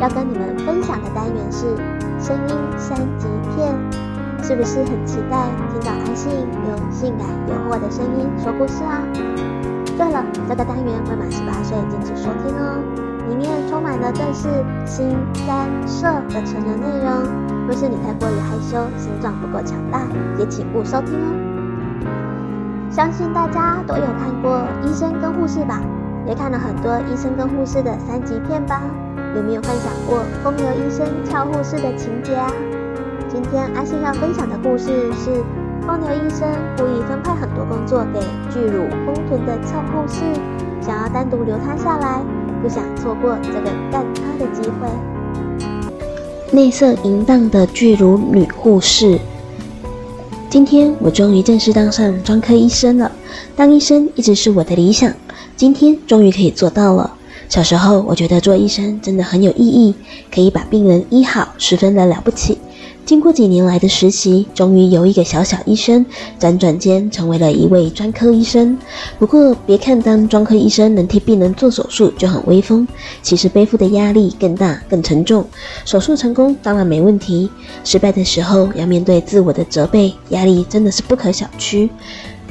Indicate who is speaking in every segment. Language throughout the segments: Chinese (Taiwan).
Speaker 1: 要跟你們分享的單元是聲音三級片，是不是很期待聽到阿信用性感誘惑的聲音說故事啊？對了，這個單元未滿十八歲禁止收聽哦。裡面充滿了正式、新、干、色的成人內容，哦，若是你太過於害羞，心臟不夠強大，也請勿收聽哦。相信大家都有看過醫生跟護士吧，也看了很多醫生跟護士的三級片吧。有沒有幻想過風流醫生俏護士的情節啊？今天阿信要分享的故事是，風流醫生故意分派很多工作給巨乳豐臀的俏護士，想要單獨留她下來，不想錯過這個幹她的機會。內射淫蕩的巨乳女護士，今天我終於正式當上專科醫生了。當醫生一直是我的理想，今天終於可以做到了。小時候，我覺得做醫生真的很有意義，可以把病人醫好，十分的了不起。經過幾年來的實習，終於由一個小小醫生，輾轉間成為了一位專科醫生。不過，別看當專科醫生能替病人做手術就很威風，其實背負的壓力更大、更沉重。手術成功當然沒問題，失敗的時候要面對自我的責備，壓力真的是不可小覷。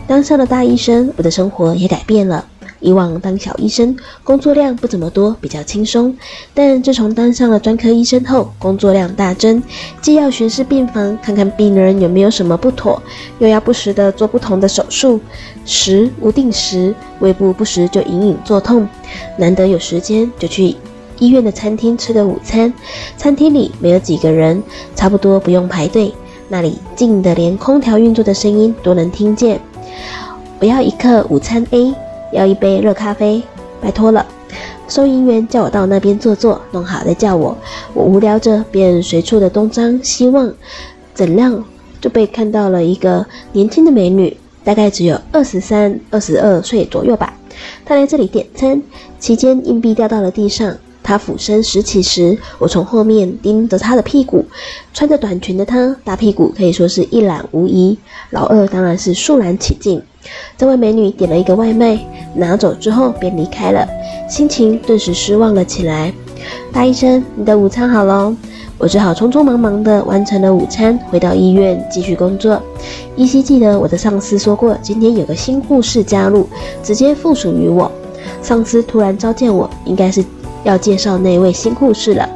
Speaker 1: 當上了大醫生，我的生活也改變了。以往當小醫生，工作量不怎麼多，比較輕鬆。但自從當上了專科醫生後，工作量大增，既要巡視病房，看看病人有沒有什麼不妥，又要不時的做不同的手術。食無定時，胃部不時就隱隱作痛。難得有時間，就去醫院的餐廳吃個午餐。餐廳裡沒有幾個人，差不多不用排隊。那裡靜得連空調運作的聲音都能聽見。我要一客午餐 A。要一杯熱咖啡，拜託了。收銀員叫我到那邊坐坐，弄好再叫我。我無聊着，便隨處的東張西望，怎料就被看到了一個年輕的美女，大概只有二十三、二十二歲左右吧。她來這裡點餐期間，硬幣掉到了地上，她俯身拾起時，我從後面盯着她的屁股。穿着短裙的她，大屁股可以說是一覽無遺。老二當然是肅然起敬。這位美女點了一個外賣，拿走之後便離開了，心情頓時失望了起來。大醫生，你的午餐好咯？我只好匆匆忙忙地完成了午餐，回到醫院繼續工作。依稀記得我的上司說過，今天有個新護士加入，直接附屬於我。上司突然召見我，應該是要介紹那位新護士了。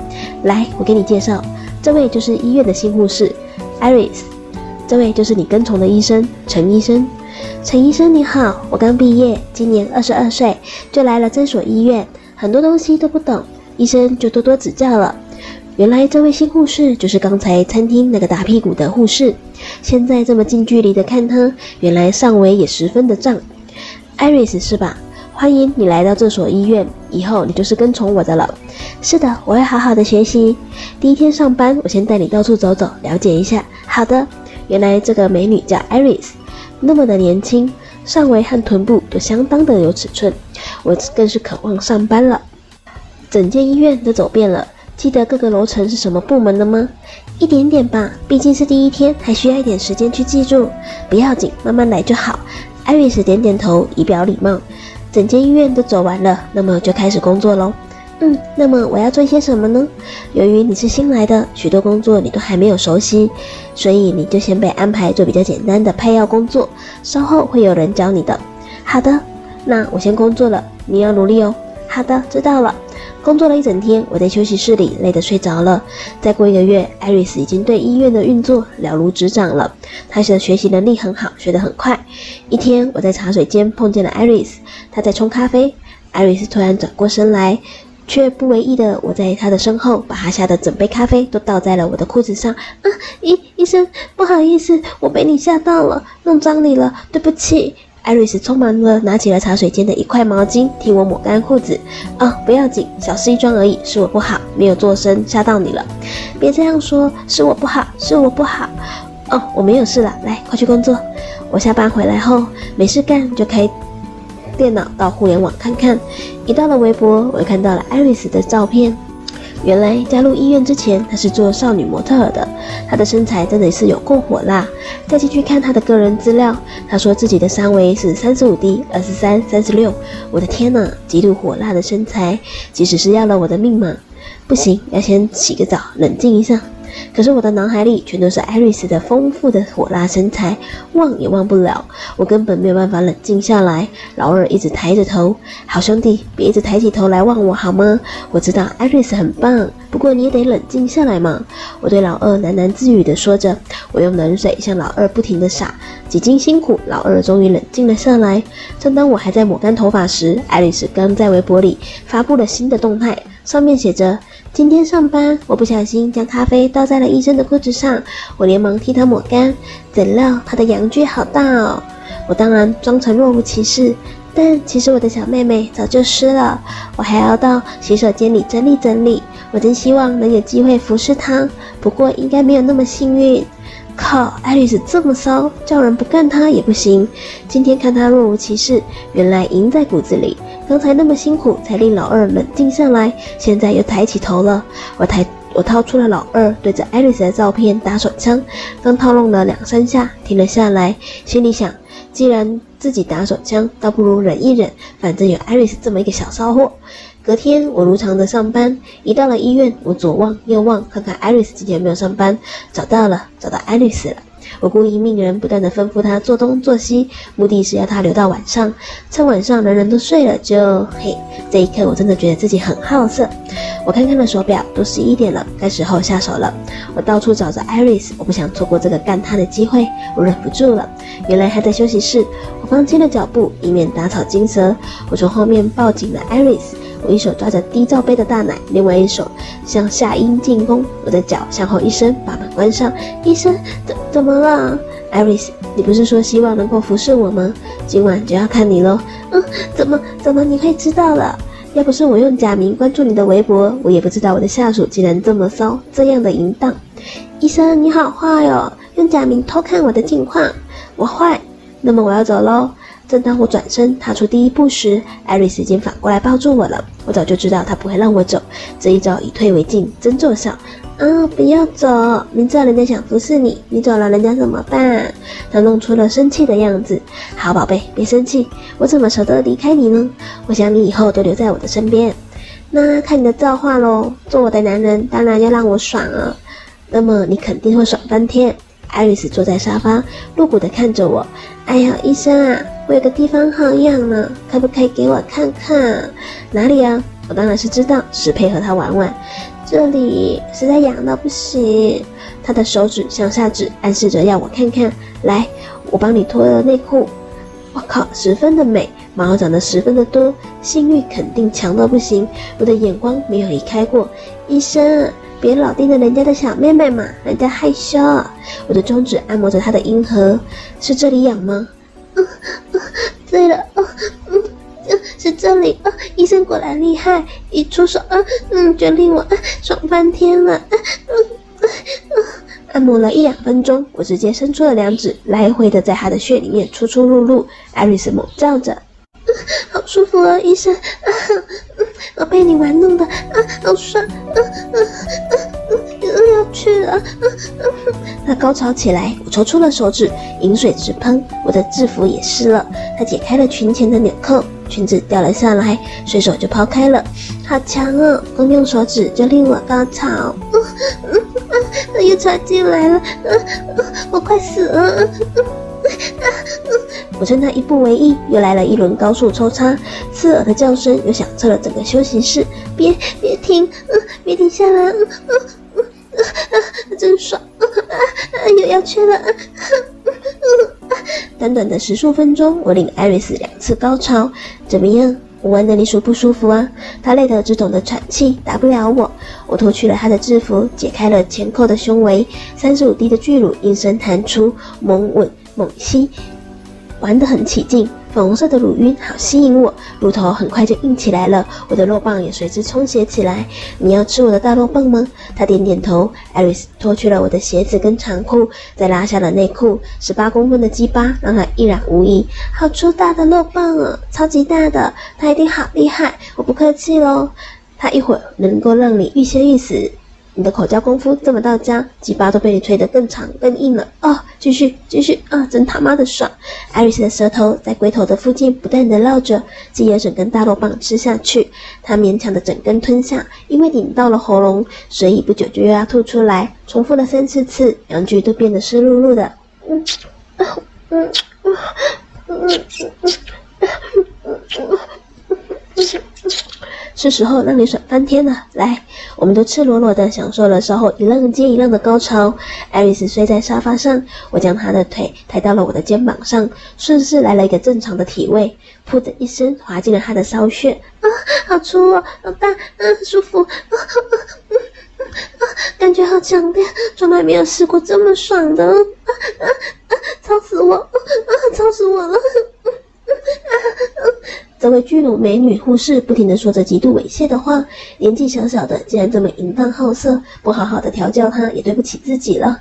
Speaker 1: 來，我給你介紹，這位就是醫院的新護士，艾瑞斯。這位就是你跟從的醫生，陳醫生。陳醫生，你好，我剛畢業，今年二十二歲，就來了這所醫院，很多東西都不懂，醫生就多多指教了。原來這位新護士就是剛才餐廳那個打屁股的護士，現在這麼近距離的看她，原來上圍也十分的脹。艾瑞斯是吧？歡迎你來到這所醫院，以後你就是跟從我的了。是的，我會好好的學習。第一天上班，我先帶你到處走走，了解一下。好的。原來這個美女叫艾瑞斯。那麼的年輕，上圍和臀部都相當的有尺寸，我更是渴望上班了。整間醫院都走遍了，記得各個樓層是什麼部門的嗎？一點點吧，畢竟是第一天，還需要一點時間去記住。不要緊，慢慢來就好。艾瑞斯點點頭，以表禮貌。整間醫院都走完了，那麼就開始工作嘍。嗯，那麼我要做一些什麼呢？由於你是新來的，許多工作你都還沒有熟悉，所以你就先被安排做比較簡單的配藥工作，稍後會有人教你的。好的，那我先工作了，你要努力哦。好的，知道了。工作了一整天，我在休息室裡累得睡着了。再過一個月，艾瑞斯已經對醫院的運作了如指掌了。他的學習能力很好，學得很快。一天，我在茶水間碰見了艾瑞斯，他在沖咖啡。艾瑞斯突然轉過身來。卻不為意的我在他的身後，把他下的整杯咖啡都倒在了我的褲子上。啊醫、嗯、醫生不好意思，我被你嚇到了，弄髒你了，對不起。艾瑞斯匆忙的拿起了茶水間的一塊毛巾替我抹乾褲子。啊、哦、不要緊，小事一樁而已，是我不好，沒有做聲嚇到你了。別這樣說，是我不好，是我不好。哦，我沒有事了，來快去工作。我下班回來後沒事幹就可以。電腦到互聯網看看，一到了微博，我又看到了艾瑞斯的照片。原來加入醫院之前，她是做少女模特兒的。她的身材真的是有夠火辣。再進去看她的個人資料，她說自己的三圍是三十五 D、二十三、三十六。我的天吶，極度火辣的身材，即使是要了我的命嘛。不行，要先洗個澡，冷靜一下。可是我的腦海裡全都是艾瑞斯的豐富的火辣身材，忘也忘不了。我根本沒有辦法冷靜下來。老二一直抬着頭，好兄弟，別一直抬起頭來望我好嗎？我知道艾瑞斯很棒，不過你也得冷靜下來嘛。我對老二喃喃自語地說着，我用冷水向老二不停地灑。幾經辛苦，老二終於冷靜了下來。正當我還在抹乾頭髮時，艾瑞斯剛在微博裡發布了新的動態，上面寫着。今天上班，我不小心將咖啡倒在了醫生的褲子上，我連忙替他抹乾。怎料他的陽具好大哦！我當然裝成若無其事，但其實我的小妹妹早就濕了。我還要到洗手間裡整理整理。我真希望能有機會服侍他，不過應該沒有那麼幸運。靠，愛麗絲這麼騷，叫人不幹她也不行。今天看她若無其事，原來贏在骨子裡。剛才那麼辛苦才令老二冷靜下來，現在又抬起頭了。我抬，我掏出了老二對着愛麗絲的照片打手槍，剛套弄了兩三下，停了下來，心裡想：既然自己打手槍，倒不如忍一忍，反正有愛麗絲這麼一個小騷貨。隔天，我如常的上班。一到了醫院，我左望右望，看看 Iris 今天有沒有上班。找到了，找到 Iris 了。我故意命人不斷的吩咐他做東做西，目的是要他留到晚上。趁晚上人人都睡了就，就嘿。這一刻，我真的覺得自己很好色。我看看了手錶，都十一點了，該時候下手了。我到處找着 Iris，我不想錯過這個幹他的機會。我忍不住了。原來還在休息室，我放輕了腳步，以免打草驚蛇。我從後面抱緊了 Iris。我一手抓着 D 罩杯的大奶，另外一手向下陰進攻。我的腳向後一伸，把門關上。醫生，怎怎麼了？艾瑞斯，你不是說希望能夠服侍我嗎？今晚就要看你嘍。嗯，怎麼怎麼你可以知道了？要不是我用假名關注你的微博，我也不知道我的下屬竟然這麼騷，這樣的淫蕩。醫生，你好壞喲、哦，用假名偷看我的近況，我壞。那麼我要走嘍。正當我轉身踏出第一步時，艾瑞斯已經反過來抱住我了。我早就知道他不會讓我走，這一招以退為進，真奏效啊！不要走，明知道人家想服侍你，你走了人家怎麼辦？他弄出了生氣的樣子。好，寶貝，別生氣，我怎麼捨得離開你呢？我想你以後都留在我的身邊。那看你的造化嘍。做我的男人，當然要讓我爽了啊。那麼你肯定會爽翻天。艾瑞斯坐在沙發，露骨的看着我。哎呀，醫生啊！我有個地方好癢呢，可不可以給我看看？哪裡啊？我當然是知道，只配合他玩玩。這裡實在癢到不行。他的手指向下指，暗示着要我看看。來，我幫你脫了內褲。我靠，十分的美，毛長得十分的多，性欲肯定強到不行。我的眼光沒有離開過。醫生，別老盯着人家的小妹妹嘛，人家害羞。我的中指按摩着他的陰核，是這裡癢嗎？對了，哦，嗯，是這裡，哦，醫生果然厲害，一出手，啊，嗯，就令我，爽翻天了，嗯，嗯，嗯，按摩了一兩分鐘，我直接伸出了兩指，來回的在他的穴裡面出出入入，艾瑞斯猛叫着，嗯，好舒服啊，醫生，啊，嗯嗯、我被你玩弄的，啊，好爽，啊、嗯、啊啊啊、嗯，要去了，啊、呃，他高潮起來，我抽出了手指，淫水直噴。我的製服也濕了，他解開了裙前的紐扣，裙子掉了下來，隨手就拋開了。好強哦、啊！光用手指就令我高潮，嗯嗯嗯、又插進來了、嗯嗯，我快死了！我、嗯、趁、嗯嗯、他一不為意，又來了一輪高速抽插，刺耳的叫聲又響徹了整個休息室。別別停！別、嗯、停下來、嗯嗯嗯啊！真爽、啊啊！又要去了。嗯嗯短短的十數分鐘，我令艾瑞斯兩次高潮，怎麼樣？我玩得你舒不舒服啊？他累得只懂得喘氣，打不了我。我脫去了他的制服，解開了前扣的胸圍，三十五 D 的巨乳應聲彈出，猛吻猛吸，玩得很起勁。粉紅色的乳暈好吸引我，乳頭很快就硬起來了，我的肉棒也隨之充血起來。你要吃我的大肉棒嗎？她點點頭。艾瑞斯脫去了我的鞋子跟長褲，再拉下了內褲。十八公分的雞巴讓她一覽無遺，好粗大的肉棒啊，超級大的。他一定好厲害，我不客氣嘍。他一會兒能夠讓你欲仙欲死。你的口交功夫這麼到家，雞巴都被你吹得更長更硬了哦！繼續，繼續啊、哦！真他媽的爽！艾瑞斯的舌頭在龜頭的附近不斷的繞着，繼而整根大肉棒吃下去，他勉強的整根吞下，因為頂到了喉嚨，所以不久就又要吐出來。重複了三四次，兩具都變得濕漉漉的。 是時候讓你爽翻天了！來，我們都赤裸裸地享受了稍後一浪接一浪的高潮。艾麗斯睡在沙發上，我將她的腿抬到了我的肩膀上，順勢來了一個正常的體位，噗的一聲滑進了她的騷穴。啊，好粗哦，好大，啊，舒服，啊，感覺好強烈，從來沒有試過這麼爽的，啊啊啊，操死我，啊，操死我了！這位巨乳美女護士不停地說着極度猥褻的話，年紀小小的竟然這麼淫蕩好色，不好好的調教她也對不起自己了。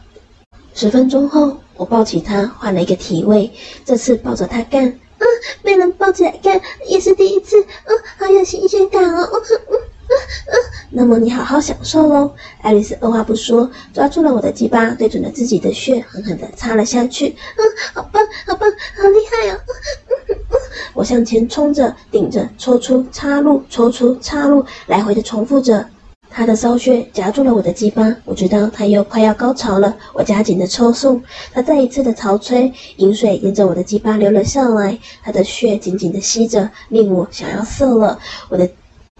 Speaker 1: 十分鐘後，我抱起她換了一個體位，這次抱着她幹，嗯，被人抱起來幹也是第一次，嗯，好有新鮮感哦。嗯嗯嗯，嗯嗯那麼你好好享受咯，愛麗絲二話不說抓住了我的雞巴，對準了自己的穴，狠狠地插了下去，嗯，好棒好棒好厲害哦。我向前衝着，頂着，抽出，插入，抽出，插入，來回的重複着。他的騷穴夾住了我的雞巴，我知道他又快要高潮了。我加緊的抽送，他再一次的潮吹，淫水沿着我的雞巴流了下來。他的穴緊緊的吸着，令我想要射了。我的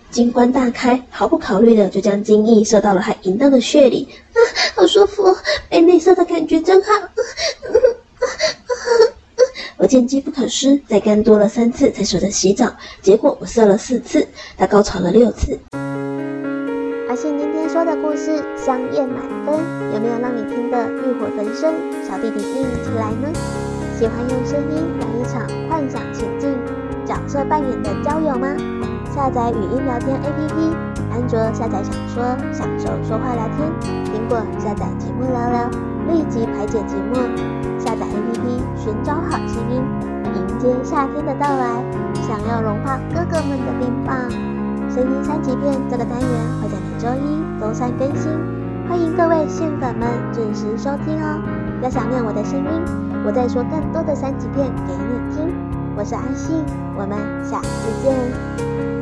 Speaker 1: 精關大開，毫不考慮的就將精液射到了他淫蕩的穴裡。啊，好舒服，被內射的感覺真好。我見機不可失，再幹多了三次才捨得洗澡，結果我射了四次，他高潮了六次。阿信今天說的故事，香豔滿分，有沒有讓你聽得慾火焚身，小弟弟硬起來呢？喜歡用聲音來一場幻想情境角色扮演的交友嗎？下載語音聊天 APP，安卓下載享說，享受說話聊天；蘋果下載寂寞聊聊，立即排解寂寞。下載。尋找好聲音，迎接夏天的到來，想要融化哥哥們的冰棒。聲音三級片這個單元會在每周一、周三更新，歡迎各位性粉們準時收聽哦。要想念我的聲音，我再說更多的三級片給你聽。我是安信，我們下次見。